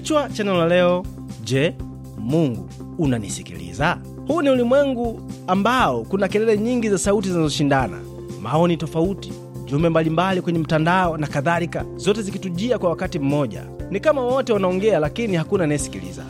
Kichwa cha neno la leo: Je, Mungu unanisikiliza? Huu ni ulimwengu ambao kuna kelele nyingi za sauti zinazoshindana, maoni tofauti, jumbe mbalimbali kwenye mtandao na kadhalika, zote zikitujia kwa wakati mmoja. Ni kama wote wanaongea, lakini hakuna anayesikiliza.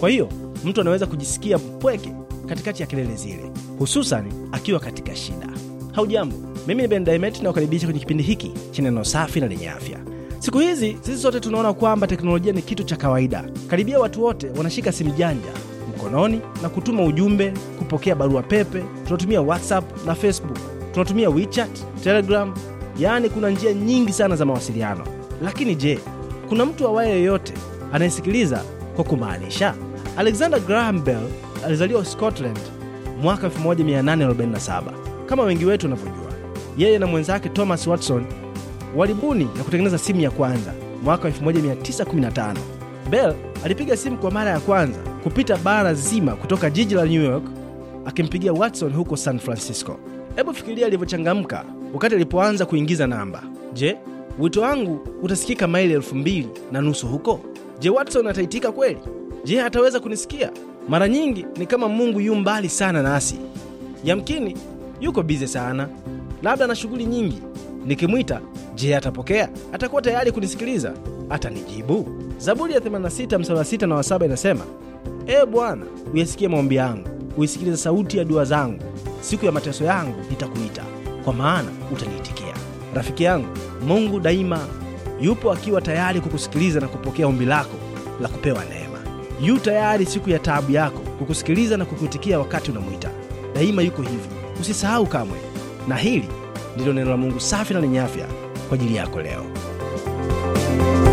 Kwa hiyo mtu anaweza kujisikia mpweke katikati ya kelele zile, hususani akiwa katika shida. Haujambo, mimi ni Ben Daimet na kwenye kipindi hiki cha neno safi na lenye afya. Siku hizi sisi sote tunaona kwamba teknolojia ni kitu cha kawaida. Karibia watu wote wanashika simu janja mkononi na kutuma ujumbe, kupokea barua pepe, tunatumia WhatsApp na Facebook, tunatumia WeChat, Telegram, yaani kuna njia nyingi sana za mawasiliano. Lakini je, kuna mtu awaye yoyote anayesikiliza kwa kumaanisha? Alexander Graham Bell alizaliwa Scotland mwaka 1847 kama wengi wetu wanavyojua. Yeye na mwenzake Thomas Watson walibuni na kutengeneza simu ya kwanza mwaka 1915. Bell alipiga simu kwa mara ya kwanza kupita bara zima kutoka jiji la New York akimpigia Watson huko San Francisco. Hebu fikiria alivyochangamka wakati alipoanza kuingiza namba. Je, wito wangu utasikika maili elfu mbili na nusu huko? Je, Watson ataitika kweli? Je, ataweza kunisikia? Mara nyingi ni kama Mungu yu mbali sana nasi. Yamkini yuko bize sana, labda na shughuli nyingi. Nikimwita Je, atapokea? Atakuwa tayari kunisikiliza? Atanijibu? Zaburi ya 86 mstari wa 6 na wa 7 inasema, Ee Bwana, uyasikie maombi yangu, uisikilize sauti ya dua zangu. Siku ya mateso yangu nitakuita, kwa maana utaniitikia. Rafiki yangu, Mungu daima yupo akiwa tayari kukusikiliza na kupokea ombi lako la kupewa neema. Yu tayari siku ya taabu yako kukusikiliza na kukuitikia wakati unamwita. Daima yuko hivyo, usisahau kamwe. Na hili ndilo neno la Mungu safi na lenye afya kwa ajili yako leo.